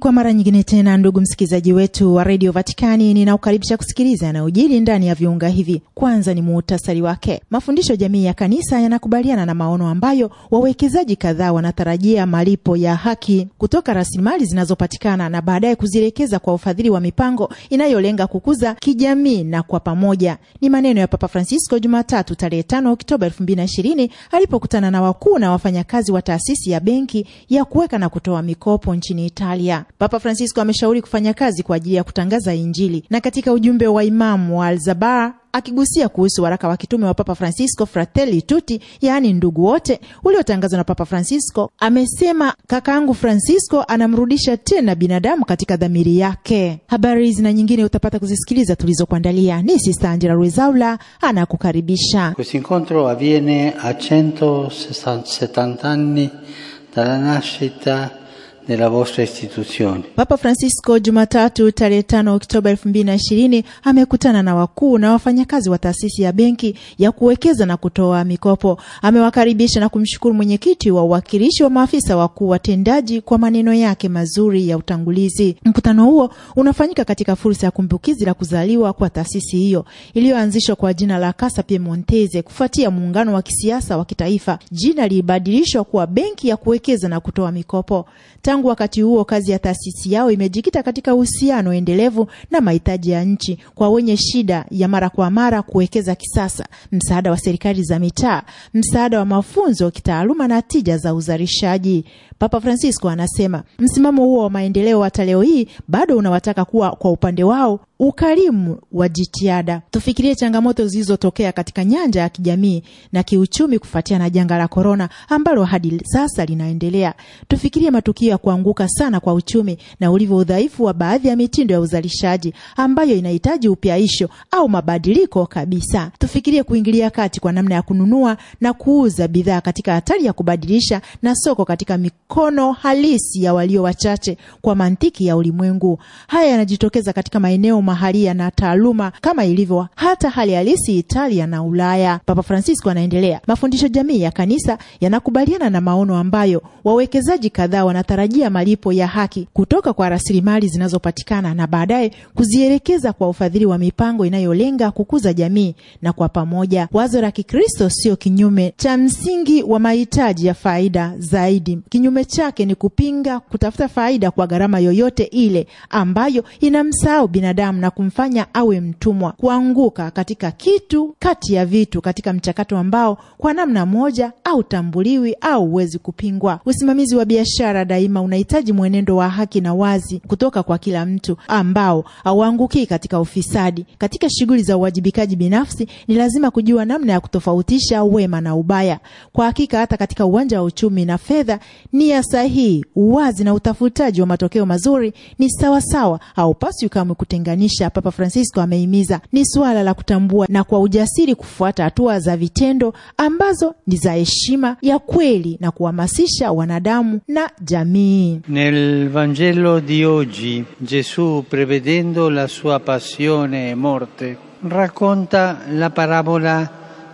kwa mara nyingine tena, ndugu msikilizaji wetu wa redio Vatikani, ninaokaribisha kusikiliza yanayojiri ndani ya viunga hivi. Kwanza ni muhtasari wake. Mafundisho jamii ya kanisa yanakubaliana na maono ambayo wawekezaji kadhaa wanatarajia malipo ya haki kutoka rasilimali zinazopatikana na baadaye kuzielekeza kwa ufadhili wa mipango inayolenga kukuza kijamii na kwa pamoja. Ni maneno ya Papa Francisco Jumatatu tarehe 5 Oktoba 2020 alipokutana na wakuu na wafanyakazi wa taasisi ya benki ya kuweka na kutoa mikopo nchini Italia. Papa Francisco ameshauri kufanya kazi kwa ajili ya kutangaza Injili, na katika ujumbe wa imamu wa Alzabar akigusia kuhusu waraka wa kitume wa Papa Francisco Fratelli Tutti, yaani ndugu wote, uliotangazwa na Papa Francisco, amesema kakaangu Francisco anamrudisha tena binadamu katika dhamiri yake. Habari hizi na nyingine utapata kuzisikiliza tulizokuandalia. Ni Sista Angela Ruizaula anakukaribisha. Questo incontro avviene a 170 anni dalla nascita nella vostra istituzione. Papa Francisco Jumatatu tarehe 5 Oktoba 2020 amekutana na wakuu na wafanyakazi wa taasisi ya benki ya kuwekeza na kutoa mikopo. Amewakaribisha na kumshukuru mwenyekiti wa uwakilishi wa maafisa wakuu watendaji kwa maneno yake mazuri ya utangulizi. Mkutano huo unafanyika katika fursa ya kumbukizi la kuzaliwa kwa taasisi hiyo iliyoanzishwa kwa jina la Casa Piemontese kufuatia muungano wa kisiasa wa kitaifa. Jina lilibadilishwa kuwa benki ya kuwekeza na kutoa mikopo. Tangu wakati huo, kazi ya taasisi yao imejikita katika uhusiano endelevu na mahitaji ya nchi kwa wenye shida ya mara kwa mara, kuwekeza kisasa, msaada wa serikali za mitaa, msaada wa mafunzo kitaaluma na tija za uzalishaji. Papa Francisco anasema msimamo huo wa maendeleo hata leo hii bado unawataka kuwa kwa upande wao ukarimu wa jitihada. Tufikirie changamoto zilizotokea katika nyanja ya kijamii na kiuchumi kufuatia na janga la korona ambalo hadi sasa linaendelea. Tufikirie matukio ya kuanguka sana kwa uchumi na ulivyo udhaifu wa baadhi ya mitindo ya uzalishaji ambayo inahitaji upyaisho au mabadiliko kabisa. Tufikirie kuingilia kati kwa namna ya kununua na kuuza bidhaa katika hatari ya kubadilisha na soko katika miku mikono halisi ya walio wachache kwa mantiki ya ulimwengu. Haya yanajitokeza katika maeneo mahalia na taaluma kama ilivyo hata hali halisi Italia na Ulaya. Papa Francisco anaendelea, mafundisho jamii ya kanisa yanakubaliana na maono ambayo wawekezaji kadhaa wanatarajia malipo ya haki kutoka kwa rasilimali zinazopatikana na baadaye kuzielekeza kwa ufadhili wa mipango inayolenga kukuza jamii na kwa pamoja. Wazo la Kikristo sio kinyume cha msingi wa mahitaji ya faida zaidi, kinyume Kinyume chake ni kupinga kutafuta faida kwa gharama yoyote ile ambayo inamsahau binadamu na kumfanya awe mtumwa, kuanguka katika kitu kati ya vitu, katika mchakato ambao kwa namna moja hautambuliwi au huwezi kupingwa. Usimamizi wa biashara daima unahitaji mwenendo wa haki na wazi kutoka kwa kila mtu ambao hauangukii katika ufisadi. Katika shughuli za uwajibikaji binafsi, ni lazima kujua namna ya kutofautisha wema na ubaya. Kwa hakika hata katika uwanja wa uchumi na fedha ni njia sahihi, uwazi na utafutaji wa matokeo mazuri ni sawasawa, haupaswi kamwe kutenganisha. Papa Francisco amehimiza ni suala la kutambua na kwa ujasiri kufuata hatua za vitendo ambazo ni za heshima ya kweli na kuhamasisha wanadamu na jamii. Nel Vangelo di oggi Gesù prevedendo la sua passione e morte racconta la parabola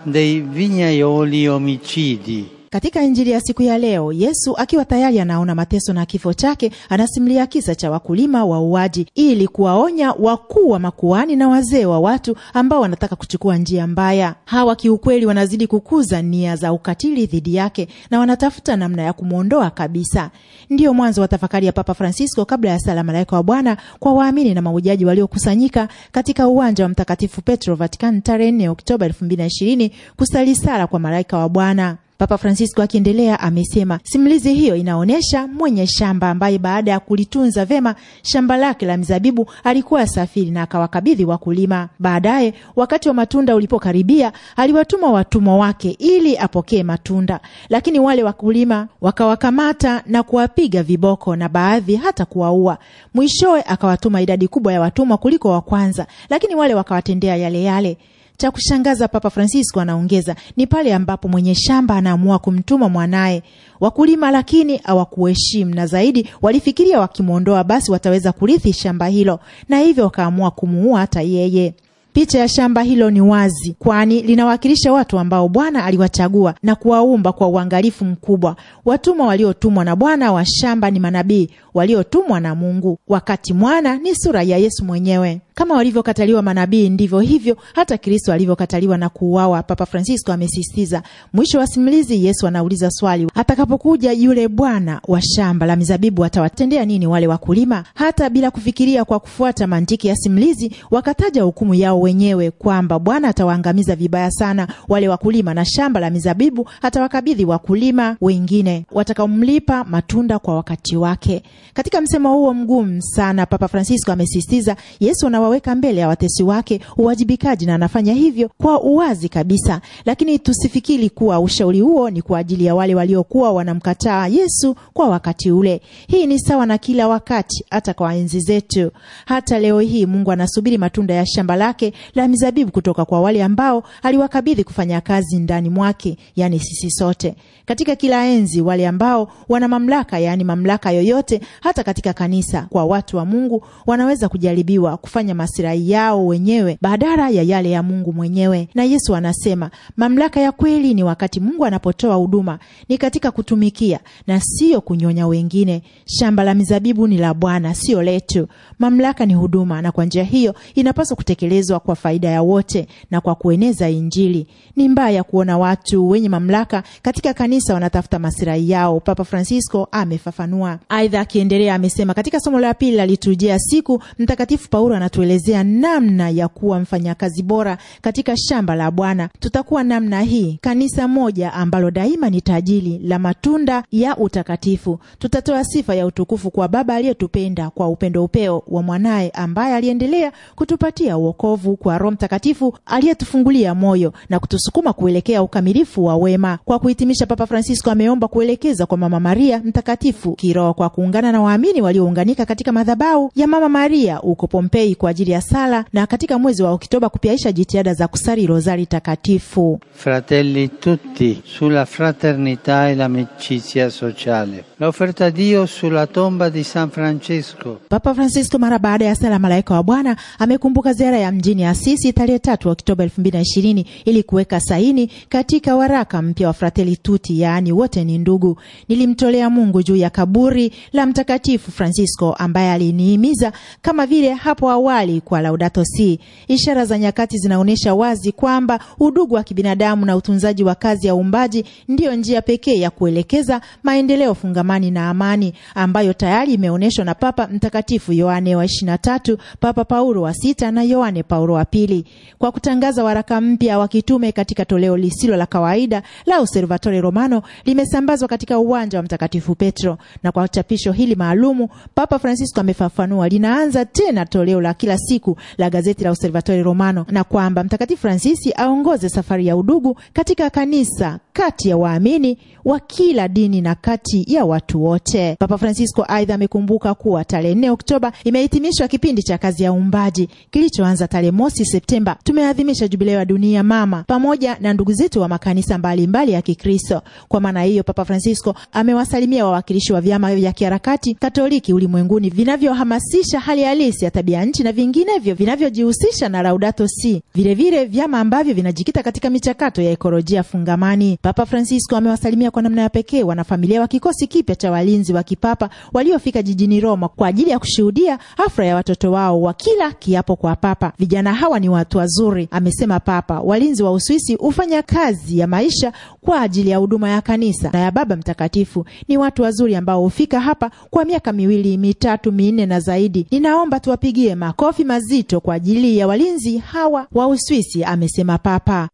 dei vignaioli omicidi katika Injili ya siku ya leo, Yesu akiwa tayari anaona mateso na kifo chake, anasimulia kisa cha wakulima wauaji ili kuwaonya wakuu wa makuani na wazee wa watu ambao wanataka kuchukua njia mbaya. Hawa kiukweli wanazidi kukuza nia za ukatili dhidi yake na wanatafuta namna ya kumwondoa kabisa. Ndiyo mwanzo wa tafakari ya Papa Francisco kabla ya sala Malaika wa Bwana kwa waamini na maujaji waliokusanyika katika uwanja wa Mtakatifu Petro, Vatican, tarehe 4 Oktoba 2020 kusali sala kwa Malaika wa Bwana. Papa Francisco akiendelea amesema simulizi hiyo inaonyesha mwenye shamba ambaye baada ya kulitunza vema shamba lake la mizabibu alikuwa safiri na akawakabidhi wakulima. Baadaye wakati wa matunda ulipokaribia, aliwatuma watumwa wake ili apokee matunda, lakini wale wakulima wakawakamata na kuwapiga viboko na baadhi hata kuwaua. Mwishowe akawatuma idadi kubwa ya watumwa kuliko wa kwanza, lakini wale wakawatendea yale yale. Cha kushangaza, Papa Francisco anaongeza, ni pale ambapo mwenye shamba anaamua kumtuma mwanaye. Wakulima lakini hawakuheshimu na zaidi walifikiria wakimwondoa basi wataweza kurithi shamba hilo, na hivyo wakaamua kumuua hata yeye. Picha ya shamba hilo ni wazi, kwani linawakilisha watu ambao Bwana aliwachagua na kuwaumba kwa uangalifu mkubwa. Watumwa waliotumwa na Bwana wa shamba ni manabii waliotumwa na Mungu, wakati mwana ni sura ya Yesu mwenyewe. Kama walivyokataliwa manabii, ndivyo hivyo hata Kristo alivyokataliwa na kuuawa. Papa Francisco amesisitiza. Mwisho wa simulizi, Yesu anauliza swali, atakapokuja yule bwana wa shamba la mizabibu atawatendea nini wale wakulima? Hata bila kufikiria, kwa kufuata mantiki ya simulizi, wakataja hukumu yao wenyewe kwamba Bwana atawaangamiza vibaya sana wale wakulima, na shamba la mizabibu atawakabidhi wakulima wengine watakaomlipa matunda kwa wakati wake. Katika msemo huo mgumu sana, Papa Francisco amesisitiza Yesu anawaweka mbele ya watesi wake uwajibikaji, na anafanya hivyo kwa uwazi kabisa, lakini tusifikiri kuwa ushauri huo ni kwa ajili ya wale waliokuwa wanamkataa Yesu kwa wakati ule. Hii ni sawa na kila wakati, hata kwa enzi zetu. Hata leo hii Mungu anasubiri matunda ya shamba lake la mizabibu kutoka kwa wale ambao aliwakabidhi kufanya kazi ndani mwake, yani sisi sote katika kila enzi, wale ambao wana mamlaka, yani mamlaka yoyote, hata katika kanisa, kwa watu wa Mungu, wanaweza kujaribiwa kufanya masilahi yao wenyewe badala ya yale ya Mungu mwenyewe. Na Yesu anasema mamlaka ya kweli ni wakati Mungu anapotoa huduma, ni katika kutumikia na siyo kunyonya wengine. Shamba la mizabibu ni la Bwana, siyo letu. Mamlaka ni huduma, na kwa njia hiyo inapaswa kutekelezwa kutekelezwa kwa faida ya wote na kwa kueneza Injili. Ni mbaya kuona watu wenye mamlaka katika kanisa wanatafuta masilahi yao, Papa Francisco amefafanua. Aidha, akiendelea amesema, katika somo la pili la liturujia siku, Mtakatifu Paulo anatuelezea namna ya kuwa mfanyakazi bora katika shamba la Bwana. Tutakuwa namna hii, kanisa moja ambalo daima ni tajiri la matunda ya utakatifu. Tutatoa sifa ya utukufu kwa Baba aliyetupenda kwa upendo upeo wa mwanaye ambaye aliendelea kutupatia uokovu nguvu kwa Roho Mtakatifu aliyetufungulia moyo na kutusukuma kuelekea ukamilifu wa wema. Kwa kuhitimisha, Papa Francisco ameomba kuelekeza kwa Mama Maria mtakatifu kiroho kwa kuungana na waamini waliounganika katika madhabahu ya Mama Maria huko Pompei kwa ajili ya sala na katika mwezi wa Oktoba kupiaisha jitihada za kusali rozari takatifu. Fratelli tutti sulla fraternità e l'amicizia sociale la Dio sulla tomba di San Francesco. Papa Francisco mara baada ya sala malaika wa Bwana amekumbuka ziara ya mjini Asisi tarehe tatu Oktoba elfu mbili na ishirini ili kuweka saini katika waraka mpya wa Fratelli Tutti, yaani wote ni ndugu. Nilimtolea Mungu juu ya kaburi la Mtakatifu Francisco ambaye alinihimiza kama vile hapo awali kwa Laudato Si. Ishara za nyakati zinaonyesha wazi kwamba udugu wa kibinadamu na utunzaji wa kazi ya uumbaji ndiyo njia pekee ya kuelekeza maendeleo fungamani mshikamani na amani ambayo tayari imeonyeshwa na Papa Mtakatifu Yohane wa 23, Papa Paulo wa sita na Yohane Paulo wa pili kwa kutangaza waraka mpya wa kitume katika toleo lisilo la kawaida la Osservatore Romano limesambazwa katika uwanja wa Mtakatifu Petro. Na kwa chapisho hili maalumu, Papa Francisco amefafanua linaanza tena toleo la kila siku la gazeti la Osservatore Romano na kwamba Mtakatifu Fransisi aongoze safari ya udugu katika kanisa kati ya waamini wa kila dini na kati ya wa watu wote. Papa Francisco aidha amekumbuka kuwa tarehe nne Oktoba imehitimishwa kipindi cha kazi ya uumbaji kilichoanza tarehe mosi Septemba. Tumeadhimisha jubilei ya dunia mama pamoja na ndugu zetu wa makanisa mbalimbali mbali ya Kikristo. Kwa maana hiyo, Papa Francisco amewasalimia wawakilishi wa vyama vya kiharakati Katoliki ulimwenguni vinavyohamasisha hali halisi ya tabia nchi na vinginevyo vinavyojihusisha na Laudato Si, vilevile vyama ambavyo vinajikita katika michakato ya ekolojia fungamani. Papa Francisco amewasalimia kwa namna ya pekee wanafamilia wa kikosi kipya cha walinzi wa kipapa waliofika jijini Roma kwa ajili ya kushuhudia hafla ya watoto wao wa kila kiapo kwa papa. Vijana hawa ni watu wazuri, amesema papa. Walinzi wa Uswisi hufanya kazi ya maisha kwa ajili ya huduma ya kanisa na ya Baba Mtakatifu. Ni watu wazuri ambao hufika hapa kwa miaka miwili mitatu minne na zaidi. Ninaomba tuwapigie makofi mazito kwa ajili ya walinzi hawa wa Uswisi, amesema papa.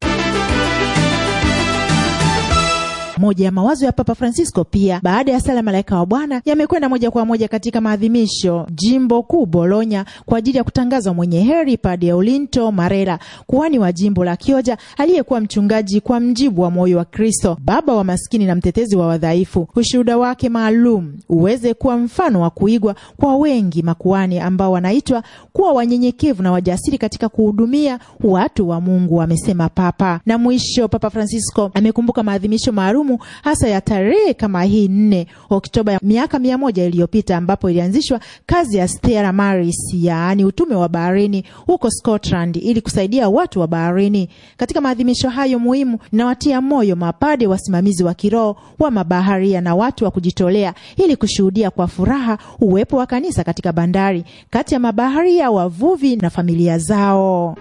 moja ya mawazo ya Papa Francisco. Pia baada ya sala malaika wa Bwana yamekwenda moja kwa moja katika maadhimisho jimbo kuu Bologna kwa ajili ya kutangaza mwenye heri Padre Olinto Marela, kuhani wa jimbo la Kioja aliyekuwa mchungaji kwa mjibu wa moyo wa Kristo, baba wa maskini na mtetezi wa wadhaifu. Ushuhuda wake maalum uweze kuwa mfano wa kuigwa kwa wengi makuani ambao wanaitwa kuwa wanyenyekevu na wajasiri katika kuhudumia watu wa Mungu, amesema Papa. Na mwisho Papa Francisco amekumbuka maadhimisho maalum kumbukumbu hasa ya tarehe kama hii nne Oktoba miaka mia moja iliyopita ambapo ilianzishwa kazi ya Stella Maris, yaani utume wa baharini huko Scotland, ili kusaidia watu wa baharini. Katika maadhimisho hayo muhimu, nawatia moyo mapade, wasimamizi wa kiroho wa mabaharia na watu wa kujitolea, ili kushuhudia kwa furaha uwepo wa kanisa katika bandari, kati ya mabaharia, wavuvi na familia zao.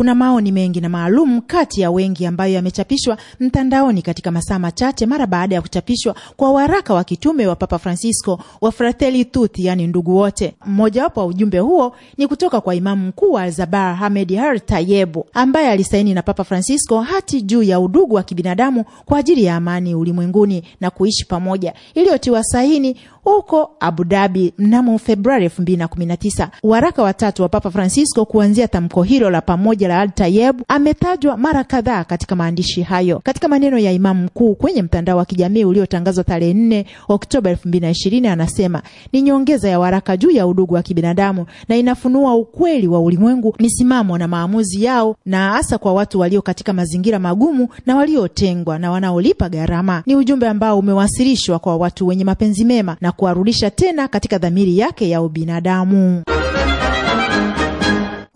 Kuna maoni mengi na maalum kati ya wengi ambayo yamechapishwa mtandaoni katika masaa machache mara baada ya kuchapishwa kwa waraka wa kitume wa Papa Francisco wa Fratelli Tutti, yani ndugu wote. Mmojawapo wa ujumbe huo ni kutoka kwa imamu mkuu wa Alzabar Hamed Har Tayebu ambaye alisaini na Papa Francisco hati juu ya udugu wa kibinadamu kwa ajili ya amani ulimwenguni na kuishi pamoja iliyotiwa saini huko Abu Dhabi mnamo Februari 2019. Waraka watatu wa Papa Francisco kuanzia tamko hilo la pamoja la Al Tayeb ametajwa mara kadhaa katika maandishi hayo. Katika maneno ya imamu mkuu kwenye mtandao wa kijamii uliotangazwa tarehe 4 Oktoba 2020, anasema ni nyongeza ya waraka juu ya udugu wa kibinadamu na inafunua ukweli wa ulimwengu, misimamo na maamuzi yao, na hasa kwa watu walio katika mazingira magumu na waliotengwa na wanaolipa gharama. Ni ujumbe ambao umewasilishwa kwa watu wenye mapenzi mema na na kuwarudisha tena katika dhamiri yake ya ubinadamu.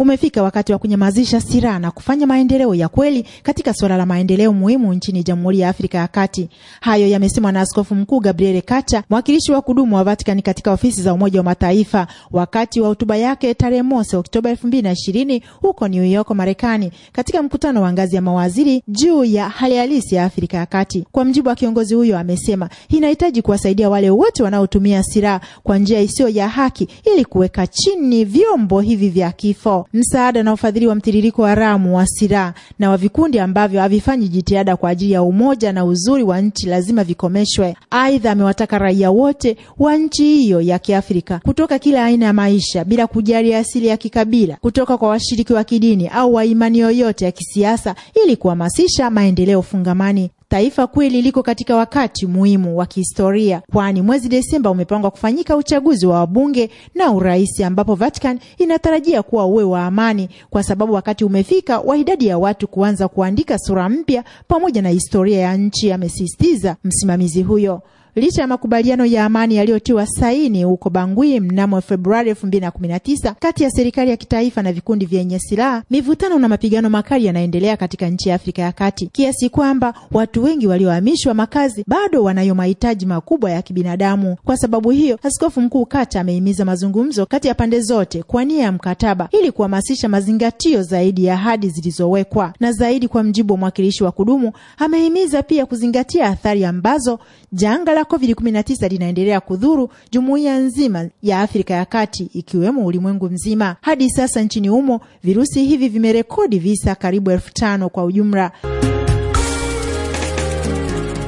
Umefika wakati wa kunyamazisha silaha na kufanya maendeleo ya kweli katika suala la maendeleo muhimu nchini Jamhuri ya Afrika ya Kati. Hayo yamesemwa na Askofu Mkuu Gabriele Kacha, mwakilishi wa kudumu wa Vatikani katika ofisi za Umoja wa Mataifa, wakati wa hotuba yake tarehe mosi Oktoba 2020 huko New York, Marekani, katika mkutano wa ngazi ya mawaziri juu ya hali halisi ya Afrika ya Kati. Kwa mjibu wa kiongozi huyo, amesema inahitaji kuwasaidia wale wote wanaotumia silaha kwa njia isiyo ya haki ili kuweka chini vyombo hivi vya kifo msaada na ufadhili wa mtiririko haramu wa silaha na wa vikundi ambavyo havifanyi jitihada kwa ajili ya umoja na uzuri wa nchi lazima vikomeshwe. Aidha, amewataka raia wote wa nchi hiyo ya Kiafrika kutoka kila aina ya maisha bila kujali asili ya kikabila, kutoka kwa washiriki wa kidini au wa imani yoyote ya kisiasa, ili kuhamasisha maendeleo fungamani. Taifa kweli liko katika wakati muhimu wa kihistoria, kwani mwezi Desemba umepangwa kufanyika uchaguzi wa wabunge na urais, ambapo Vatican inatarajia kuwa uwe wa amani, kwa sababu wakati umefika wa idadi ya watu kuanza kuandika sura mpya pamoja na historia ya nchi, amesisitiza msimamizi huyo licha ya makubaliano ya amani yaliyotiwa saini huko Bangui mnamo Februari 2019 kati ya serikali ya kitaifa na vikundi vyenye silaha, mivutano na mapigano makali yanaendelea katika nchi ya Afrika ya Kati kiasi kwamba watu wengi waliohamishwa makazi bado wanayo mahitaji makubwa ya kibinadamu. Kwa sababu hiyo, Askofu Mkuu Kata amehimiza mazungumzo kati ya pande zote kwa nia ya mkataba ili kuhamasisha mazingatio zaidi ya ahadi zilizowekwa na zaidi. Kwa mjibu wa mwakilishi wa kudumu, amehimiza pia kuzingatia athari ambazo janga la COVID-19 linaendelea kudhuru jumuiya nzima ya Afrika ya Kati ikiwemo ulimwengu mzima. Hadi sasa nchini humo virusi hivi vimerekodi visa karibu elfu tano kwa ujumla.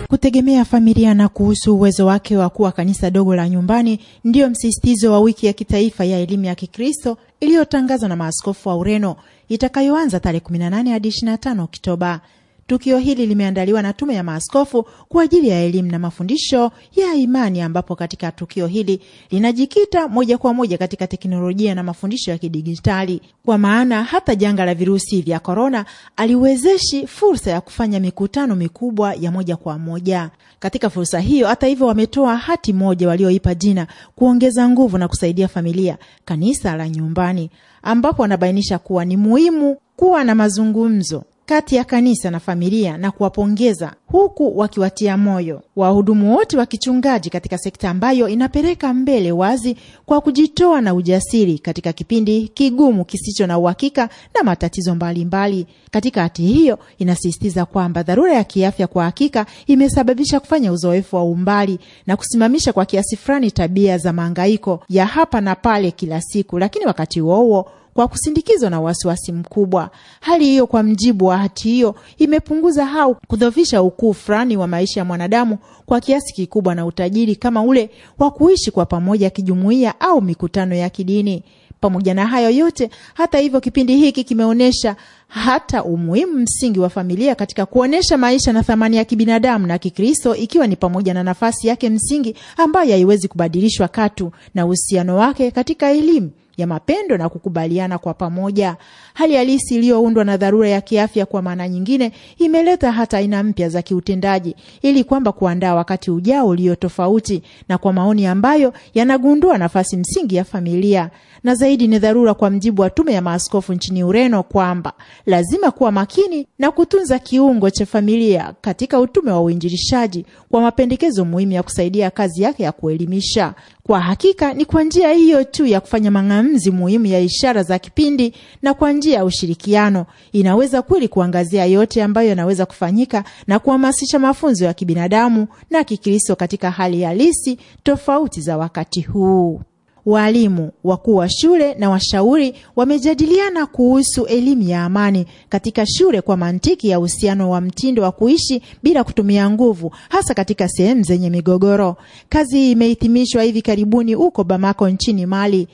Kutegemea familia na kuhusu uwezo wake wa kuwa kanisa dogo la nyumbani ndiyo msisitizo wa wiki ya kitaifa ya elimu ya Kikristo iliyotangazwa na maaskofu wa Ureno itakayoanza tarehe 18 hadi 25 Oktoba. Tukio hili limeandaliwa na Tume ya Maaskofu kwa ajili ya elimu na mafundisho ya imani, ambapo katika tukio hili linajikita moja kwa moja katika teknolojia na mafundisho ya kidigitali, kwa maana hata janga la virusi vya korona aliwezeshi fursa ya kufanya mikutano mikubwa ya moja kwa moja. Katika fursa hiyo, hata hivyo, wametoa hati moja walioipa jina kuongeza nguvu na kusaidia familia, kanisa la nyumbani, ambapo wanabainisha kuwa ni muhimu kuwa na mazungumzo kati ya kanisa na familia na kuwapongeza huku wakiwatia moyo wahudumu wote wa kichungaji katika sekta ambayo inapeleka mbele wazi kwa kujitoa na ujasiri katika kipindi kigumu kisicho na uhakika na matatizo mbalimbali mbali. Katika hati hiyo inasisitiza kwamba dharura ya kiafya kwa hakika imesababisha kufanya uzoefu wa umbali na kusimamisha kwa kiasi fulani tabia za maangaiko ya hapa na pale kila siku, lakini wakati huo huo kwa kusindikizwa na wasiwasi mkubwa. Hali hiyo, kwa mjibu wa hati hiyo, imepunguza au kudhoofisha ukuu fulani wa maisha ya mwanadamu kwa kiasi kikubwa, na utajiri kama ule wa kuishi kwa pamoja kijumuiya au mikutano ya kidini. Pamoja na hayo yote, hata hivyo, kipindi hiki kimeonyesha hata umuhimu msingi wa familia katika kuonyesha maisha na thamani ya kibinadamu na Kikristo, ikiwa ni pamoja na nafasi yake msingi ambayo haiwezi kubadilishwa katu na uhusiano wake katika elimu ya mapendo na kukubaliana kwa pamoja. Hali halisi iliyoundwa na dharura ya kiafya, kwa maana nyingine, imeleta hata aina mpya za kiutendaji, ili kwamba kuandaa wakati ujao ulio tofauti na kwa maoni ambayo yanagundua nafasi msingi ya familia. Na zaidi ni dharura, kwa mjibu wa tume ya maaskofu nchini Ureno, kwamba lazima kuwa makini na kutunza kiungo cha familia katika utume wa uinjilishaji, kwa mapendekezo muhimu ya kusaidia kazi yake ya kuelimisha. Kwa hakika ni kwa njia hiyo tu ya kufanya mang'amuzi muhimu ya ishara za kipindi na kwa njia ya ushirikiano inaweza kweli kuangazia yote ambayo yanaweza kufanyika na kuhamasisha mafunzo ya kibinadamu na Kikristo katika hali halisi tofauti za wakati huu. Waalimu, wakuu wa shule na washauri wamejadiliana kuhusu elimu ya amani katika shule kwa mantiki ya uhusiano wa mtindo wa kuishi bila kutumia nguvu, hasa katika sehemu zenye migogoro. Kazi hii imehitimishwa hivi karibuni huko Bamako nchini Mali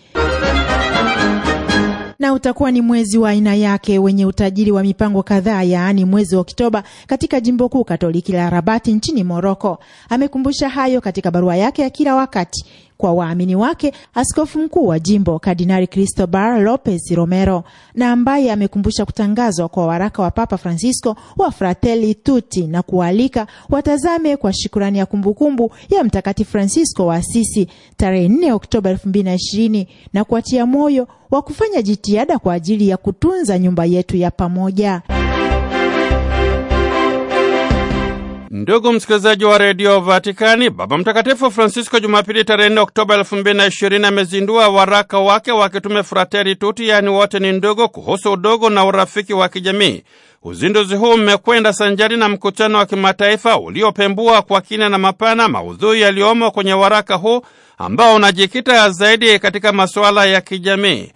na utakuwa ni mwezi wa aina yake wenye utajiri wa mipango kadhaa, yaani mwezi wa Oktoba katika jimbo kuu Katoliki la Rabati nchini Moroko. Amekumbusha hayo katika barua yake ya kila wakati kwa waamini wake askofu mkuu wa jimbo Kardinali Cristobar Lopez Romero, na ambaye amekumbusha kutangazwa kwa waraka wa Papa Francisco wa Fratelli Tutti na kuwaalika watazame kwa shukurani ya kumbukumbu ya Mtakatifu Francisco wa Asisi tarehe 4 Oktoba 2020 na kuatia moyo wa kufanya jitihada kwa ajili ya kutunza nyumba yetu ya pamoja. Ndugu msikilizaji wa redio Vatikani, Baba Mtakatifu Francisco Jumapili tarehe nne Oktoba elfu mbili na ishirini amezindua waraka wake wa kitume tuti yaani wote ni ndugu, kuhusu udogo na urafiki wa kijamii. Uzinduzi huu umekwenda sanjari na mkutano wa kimataifa uliopembua kwa kina na mapana maudhui yaliyomo kwenye waraka huu ambao unajikita zaidi katika masuala ya kijamii.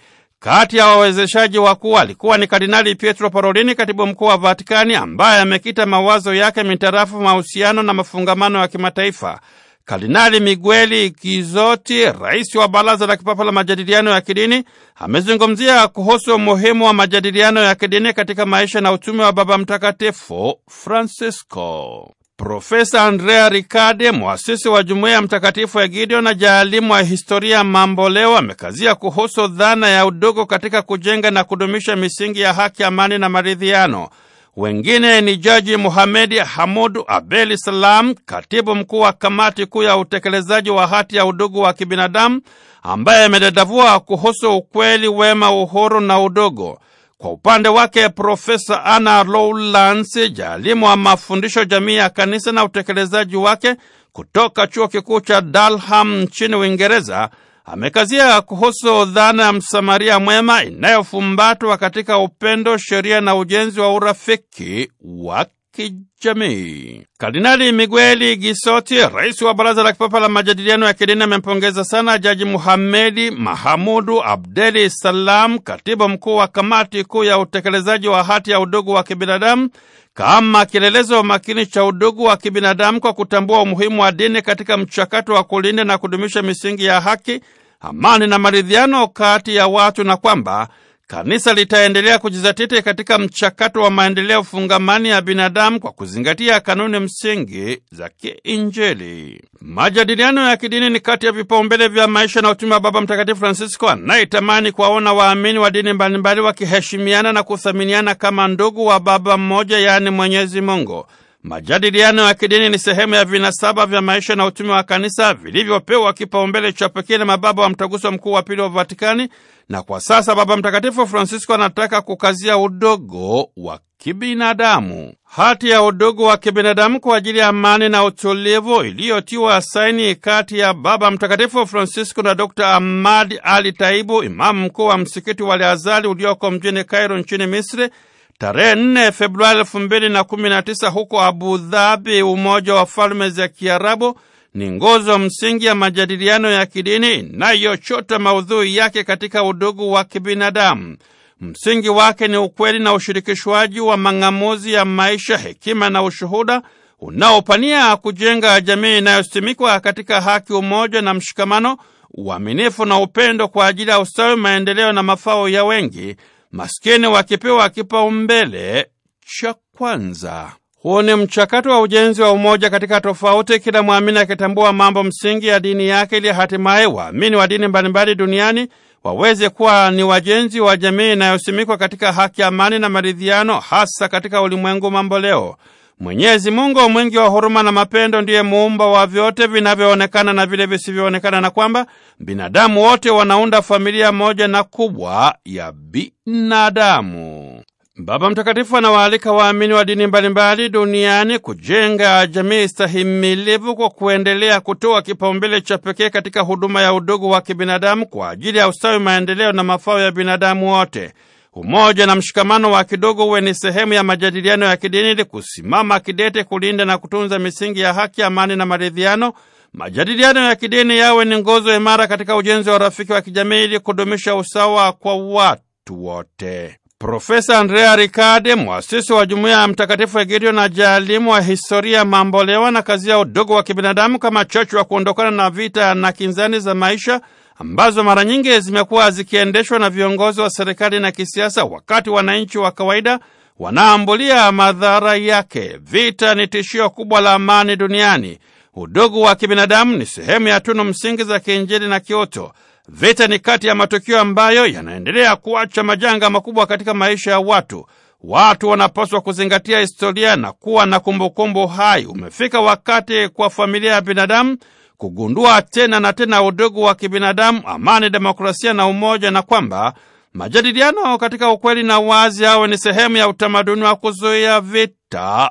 Kati ya wawezeshaji wakuu alikuwa ni Kardinali Pietro Parolini, katibu mkuu wa Vatikani, ambaye amekita mawazo yake mitarafu mahusiano na mafungamano ya kimataifa. Kardinali Migueli Kizoti, rais wa Baraza la Kipapa la Majadiliano ya Kidini, amezungumzia kuhusu umuhimu wa majadiliano ya kidini katika maisha na utume wa Baba Mtakatifu Francisco. Profesa Andrea Ricade, mwasisi wa jumuiya ya Mtakatifu Egidio na jaalimu wa historia mamboleo, amekazia kuhusu dhana ya udugu katika kujenga na kudumisha misingi ya haki, amani na maridhiano. Wengine ni Jaji Muhamedi Hamudu Abeli Salam, katibu mkuu wa kamati kuu ya utekelezaji wa hati ya udugu wa kibinadamu, ambaye amedadavua kuhusu ukweli, wema, uhuru na udugu. Kwa upande wake Profesa Anna Rowlands, jalimu wa mafundisho jamii ya kanisa na utekelezaji wake kutoka chuo kikuu cha dalham nchini Uingereza, amekazia kuhusu dhana ya msamaria mwema inayofumbatwa katika upendo, sheria na ujenzi wa urafiki wa kijamii. Kardinali Migueli Gisoti, rais wa Baraza la Kipapa la Majadiliano ya Kidini, amempongeza sana Jaji Muhamedi Mahamudu Abdeli Salam, katibu mkuu wa Kamati Kuu ya Utekelezaji wa Hati ya Udugu wa Kibinadamu, kama kielelezo makini cha udugu wa kibinadamu kwa kutambua umuhimu wa dini katika mchakato wa kulinda na kudumisha misingi ya haki, amani na maridhiano kati ya watu na kwamba Kanisa litaendelea kujizatiti katika mchakato wa maendeleo fungamani ya binadamu kwa kuzingatia kanuni msingi za kiinjili. Majadiliano ya kidini ni kati ya vipaumbele vya maisha na utume wa Baba Mtakatifu Francisco anayetamani kuwaona waamini wa dini mbalimbali wakiheshimiana na kuthaminiana kama ndugu wa Baba mmoja, yaani Mwenyezi Mungu. Majadiliano ya kidini ni sehemu ya vinasaba vya maisha na utume wa kanisa vilivyopewa kipaumbele cha pekee na mababa wa mtaguso mkuu wa pili wa Vatikani, na kwa sasa Baba Mtakatifu Francisco anataka kukazia udogo wa kibinadamu. Hati ya udogo wa kibinadamu kwa ajili ya amani na utulivu iliyotiwa saini kati ya Baba Mtakatifu Francisco na Dr. Ahmad Ali Taibu, imamu mkuu wa msikiti wa Al-Azhar ulioko mjini Kairo nchini Misri tarehe 4 Februari 2019 huko Abu Dhabi, Umoja wa Falme za Kiarabu, ni nguzo msingi ya majadiliano ya kidini inayochota maudhui yake katika udugu wa kibinadamu. Msingi wake ni ukweli na ushirikishwaji wa mang'amuzi ya maisha, hekima na ushuhuda unaopania kujenga jamii inayosimikwa katika haki, umoja na mshikamano, uaminifu na upendo kwa ajili ya ustawi, maendeleo na mafao ya wengi maskini wakipewa kipaumbele cha kwanza. Huu ni mchakato wa ujenzi wa umoja katika tofauti, kila mwamini akitambua mambo msingi ya dini yake, ili hatimaye waamini wa dini mbalimbali duniani waweze kuwa ni wajenzi wa jamii inayosimikwa katika haki, amani na maridhiano, hasa katika ulimwengu mambo leo. Mwenyezi Mungu mwingi wa huruma na mapendo ndiye muumba wa vyote vinavyoonekana na vile visivyoonekana, na kwamba binadamu wote wanaunda familia moja na kubwa ya binadamu. Baba Mtakatifu anawaalika waamini wa dini mbalimbali duniani kujenga jamii stahimilivu kwa kuendelea kutoa kipaumbele cha pekee katika huduma ya udugu wa kibinadamu kwa ajili ya ustawi, maendeleo na mafao ya binadamu wote. Umoja na mshikamano wa kidogo uwe ni sehemu ya majadiliano ya kidini ili kusimama kidete kulinda na kutunza misingi ya haki, amani na maridhiano. Majadiliano ya kidini yawe ni nguzo imara katika ujenzi wa urafiki wa kijamii ili kudumisha usawa kwa watu wote. Profesa Andrea Ricade, mwasisi wa jumuiya ya Mtakatifu Egidio na jaalimu wa historia mambolewa na kazi ya udugu wa kibinadamu kama chachu wa kuondokana na vita na kinzani za maisha ambazo mara nyingi zimekuwa zikiendeshwa na viongozi wa serikali na kisiasa, wakati wananchi wa kawaida wanaambulia madhara yake. Vita ni tishio kubwa la amani duniani. Udugu wa kibinadamu ni sehemu ya tunu msingi za kiinjili na kioto. Vita ni kati ya matukio ambayo yanaendelea kuacha majanga makubwa katika maisha ya watu. Watu wanapaswa kuzingatia historia na kuwa na kumbukumbu hai. Umefika wakati kwa familia ya binadamu kugundua tena na tena udugu wa kibinadamu, amani, demokrasia na umoja, na kwamba majadiliano katika ukweli na wazi awe ni sehemu ya utamaduni wa kuzuia vita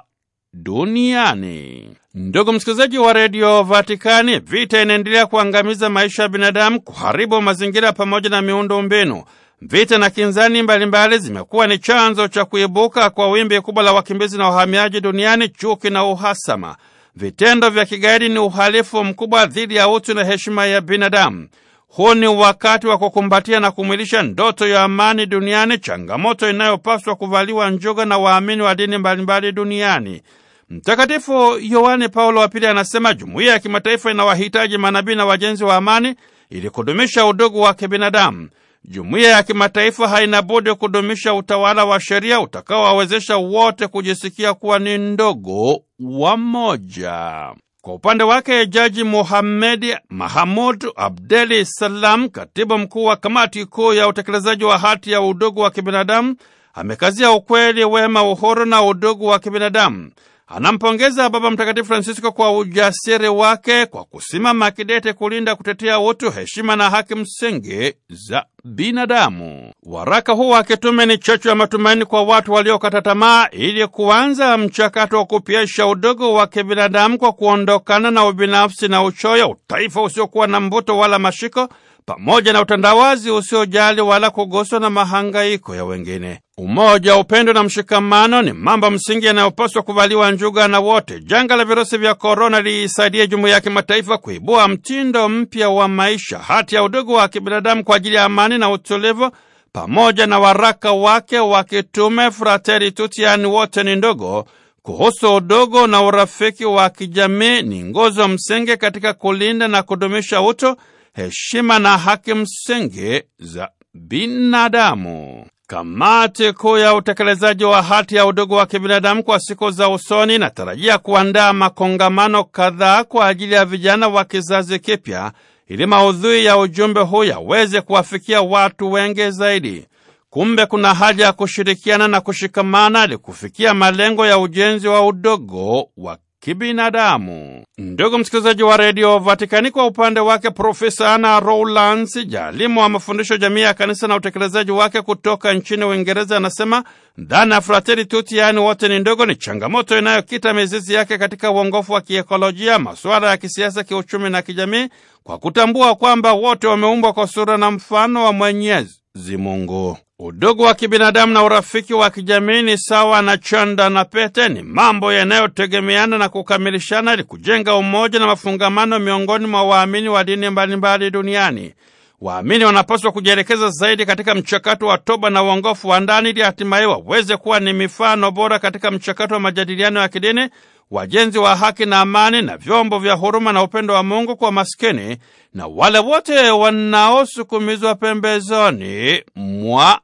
duniani. Ndugu msikilizaji wa redio Vatikani, vita inaendelea kuangamiza maisha ya binadamu, kuharibu mazingira pamoja na miundo mbinu. Vita na kinzani mbalimbali zimekuwa ni chanzo cha kuibuka kwa wimbi kubwa la wakimbizi na wahamiaji duniani, chuki na uhasama. Vitendo vya kigaidi ni uhalifu mkubwa dhidi ya utu na heshima ya binadamu. Huu ni wakati wa kukumbatia na kumwilisha ndoto ya amani duniani, changamoto inayopaswa kuvaliwa njuga na waamini wa dini mbalimbali duniani. Mtakatifu Yohane Paulo wa Pili anasema jumuiya ya kimataifa inawahitaji manabii na wajenzi wa amani ili kudumisha udugu wa kibinadamu. Jumuiya ya kimataifa haina budi kudumisha utawala wa sheria utakaowawezesha wote kujisikia kuwa ni ndogo wa moja Kwa upande wake Jaji muhamedi Mahamud Abdeli Salam, katibu mkuu wa kamati kuu ya utekelezaji wa hati ya udugu wa kibinadamu, amekazia ukweli, wema, uhuru na udugu wa kibinadamu. Anampongeza Baba Mtakatifu Francisco kwa ujasiri wake kwa kusimama kidete kulinda, kutetea utu, heshima na haki msingi za binadamu. Waraka huu wa kitume ni chachu ya matumaini kwa watu waliokata tamaa, ili kuanza mchakato wa kupiaisha udogo wa kibinadamu kwa kuondokana na ubinafsi na uchoyo, utaifa usiokuwa na mvuto wala mashiko, pamoja na utandawazi usiojali wala kugoswa na mahangaiko ya wengine. Umoja, upendo na mshikamano ni mambo msingi yanayopaswa kuvaliwa njuga na wote. Janga la virusi vya korona liisaidie jumuiya ya kimataifa kuibua mtindo mpya wa maisha, hati ya udugu wa kibinadamu kwa ajili ya amani na utulivu, pamoja na waraka wake wa kitume Frateri Tutti, yaani wote ni ndogo kuhusu udugu na urafiki wa kijamii, ni nguzo msingi katika kulinda na kudumisha utu, heshima na haki msingi za binadamu. Kamati kuu ya utekelezaji wa hati ya udugu wa kibinadamu kwa siku za usoni inatarajia kuandaa makongamano kadhaa kwa ajili ya vijana wa kizazi kipya ili maudhui ya ujumbe huu yaweze kuwafikia watu wengi zaidi. Kumbe kuna haja ya kushirikiana na kushikamana ili kufikia malengo ya ujenzi wa udugu wa kibinadamu. Ndugu msikilizaji wa redio Vatikani, kwa upande wake Profesa Ana Rowlands, jalimu wa mafundisho jamii ya kanisa na utekelezaji wake kutoka nchini Uingereza, anasema dhana ya Fratelli Tutti, yaani wote ni ndogo, ni changamoto inayokita mizizi yake katika uongofu wa kiekolojia, masuala ya kisiasa, kiuchumi na kijamii, kwa kutambua kwamba wote wameumbwa kwa sura na mfano wa Mwenyezi Mungu. Udugu wa kibinadamu na urafiki wa kijamii ni sawa na chanda na pete, ni mambo yanayotegemeana na kukamilishana ili kujenga umoja na mafungamano miongoni mwa waamini wa dini mbalimbali duniani. Waamini wanapaswa kujielekeza zaidi katika mchakato wa toba na uongofu wa ndani ili hatimaye waweze kuwa ni mifano bora katika mchakato wa majadiliano ya kidini, wajenzi wa haki na amani, na vyombo vya huruma na upendo wa Mungu kwa maskini na wale wote wanaosukumizwa pembezoni mwa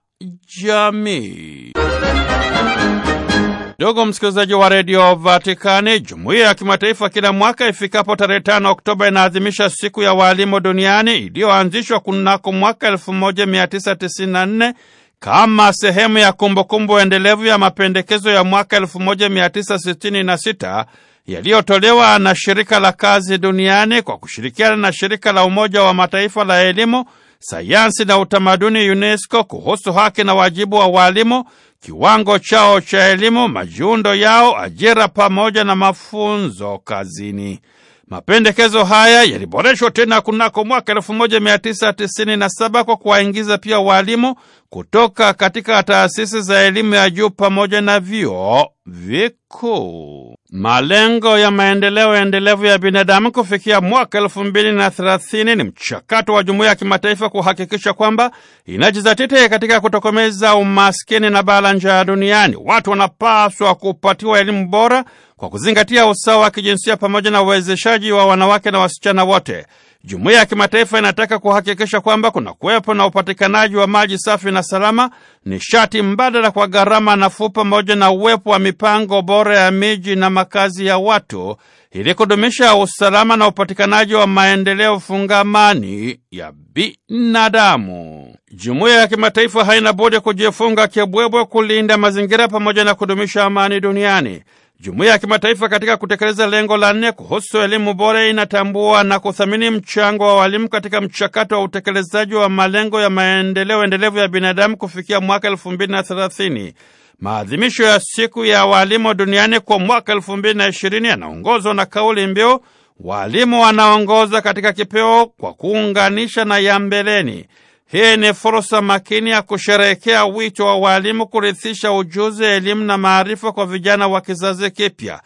jamii. Ndugu msikilizaji wa redio Vatikani, jumuiya ya kimataifa kila mwaka ifikapo tarehe tano Oktoba inaadhimisha siku ya waalimu duniani iliyoanzishwa kunako mwaka 1994 kama sehemu ya kumbukumbu endelevu ya mapendekezo ya mwaka 1966 yaliyotolewa na shirika la kazi duniani kwa kushirikiana na shirika la Umoja wa Mataifa la elimu sayansi na utamaduni UNESCO kuhusu haki na wajibu wa walimu, kiwango chao cha elimu, majiundo yao, ajira pamoja na mafunzo kazini. Mapendekezo haya yaliboreshwa tena kunako mwaka 1997 kwa kuwaingiza pia walimu kutoka katika taasisi za elimu ya juu pamoja na vyuo vikuu. Malengo ya maendeleo endelevu ya binadamu kufikia mwaka elfu mbili na thelathini ni mchakato wa jumuiya ya kimataifa kuhakikisha kwamba inajizatiti katika kutokomeza umaskini na balaa njaa duniani. Watu wanapaswa kupatiwa elimu bora kwa kuzingatia usawa wa kijinsia pamoja na uwezeshaji wa wanawake na wasichana wote. Jumuiya ya kimataifa inataka kuhakikisha kwamba kuna kuwepo na upatikanaji wa maji safi na salama, nishati mbadala kwa gharama nafuu, pamoja na uwepo wa mipango bora ya miji na makazi ya watu ili kudumisha usalama na upatikanaji wa maendeleo fungamani ya binadamu. Jumuiya ya kimataifa haina budi kujifunga kibwebwe kulinda mazingira pamoja na kudumisha amani duniani. Jumuiya ya kimataifa katika kutekeleza lengo la nne kuhusu elimu bora inatambua na kuthamini mchango wa walimu katika mchakato wa utekelezaji wa malengo ya maendeleo endelevu ya binadamu kufikia mwaka elfu mbili na thelathini. Maadhimisho ya siku ya walimu duniani kwa mwaka elfu mbili na ishirini yanaongozwa na kauli mbiu walimu wanaongoza katika kipeo kwa kuunganisha na ya mbeleni. Hii ni fursa makini ya kusherehekea wito wa walimu kurithisha ujuzi, elimu na maarifa kwa vijana wa kizazi kipya.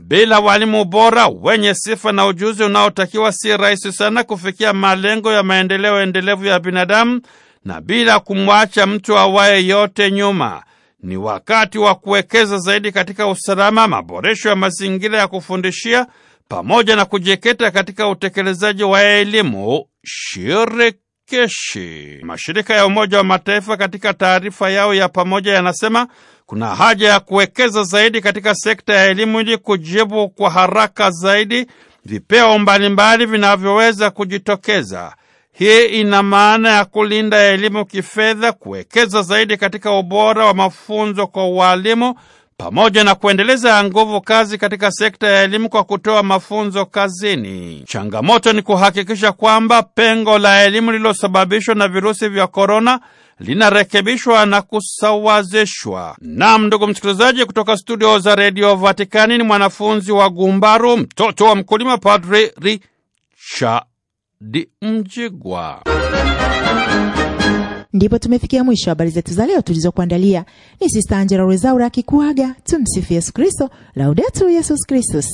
Bila walimu bora wenye sifa na ujuzi unaotakiwa, si rahisi sana kufikia malengo ya maendeleo endelevu ya binadamu na bila kumwacha mtu awaye yote nyuma. Ni wakati wa kuwekeza zaidi katika usalama, maboresho ya mazingira ya kufundishia pamoja na kujikita katika utekelezaji wa elimu shiriki. Marakeshi. Mashirika ya Umoja wa Mataifa katika taarifa yao ya pamoja yanasema kuna haja ya kuwekeza zaidi katika sekta ya elimu ili kujibu kwa haraka zaidi vipeo mbalimbali vinavyoweza kujitokeza. Hii ina maana ya kulinda elimu kifedha, kuwekeza zaidi katika ubora wa mafunzo kwa walimu pamoja na kuendeleza nguvu kazi katika sekta ya elimu kwa kutoa mafunzo kazini. Changamoto ni kuhakikisha kwamba pengo la elimu lililosababishwa na virusi vya korona linarekebishwa na kusawazishwa. Naam, ndugu msikilizaji, kutoka studio za redio Vatikani ni mwanafunzi wa Gumbaru, mtoto wa mkulima, Padri Richard Mjigwa ndipo tumefikia mwisho habari zetu za leo tulizokuandalia. Ni Sista Angela Rwezaura akikuaga. Tumsifu Yesu Kristo, Laudetur Yesus Kristus.